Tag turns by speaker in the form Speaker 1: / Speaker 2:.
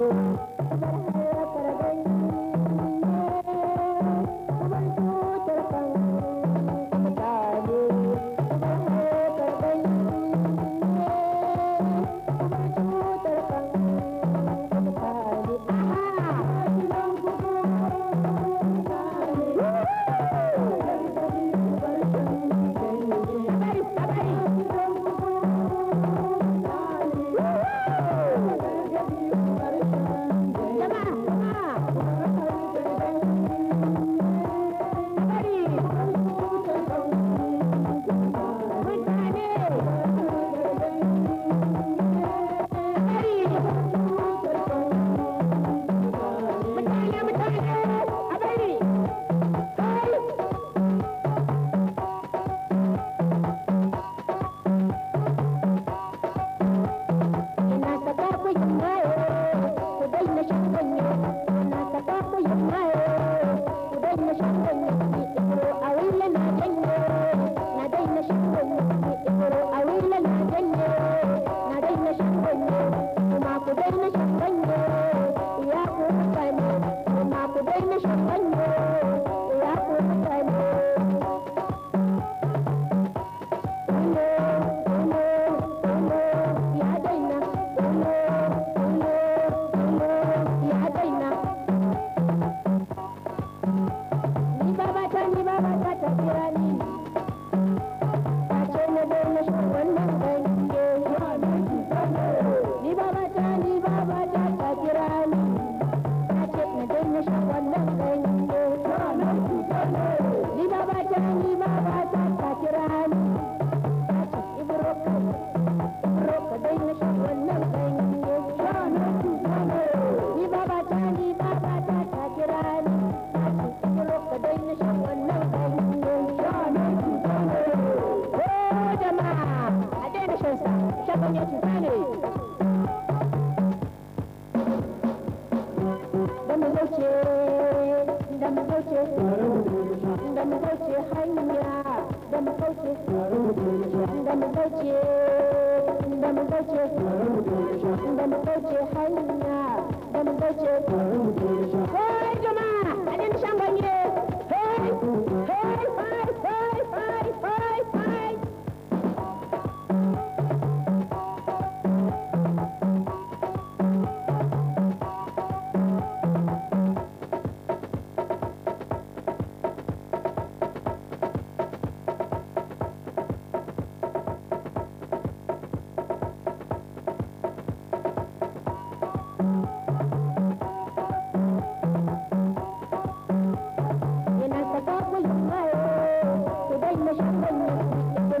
Speaker 1: Thank you.
Speaker 2: da mu bace hanya ينسى كل ما هو ودايما شغل يكبر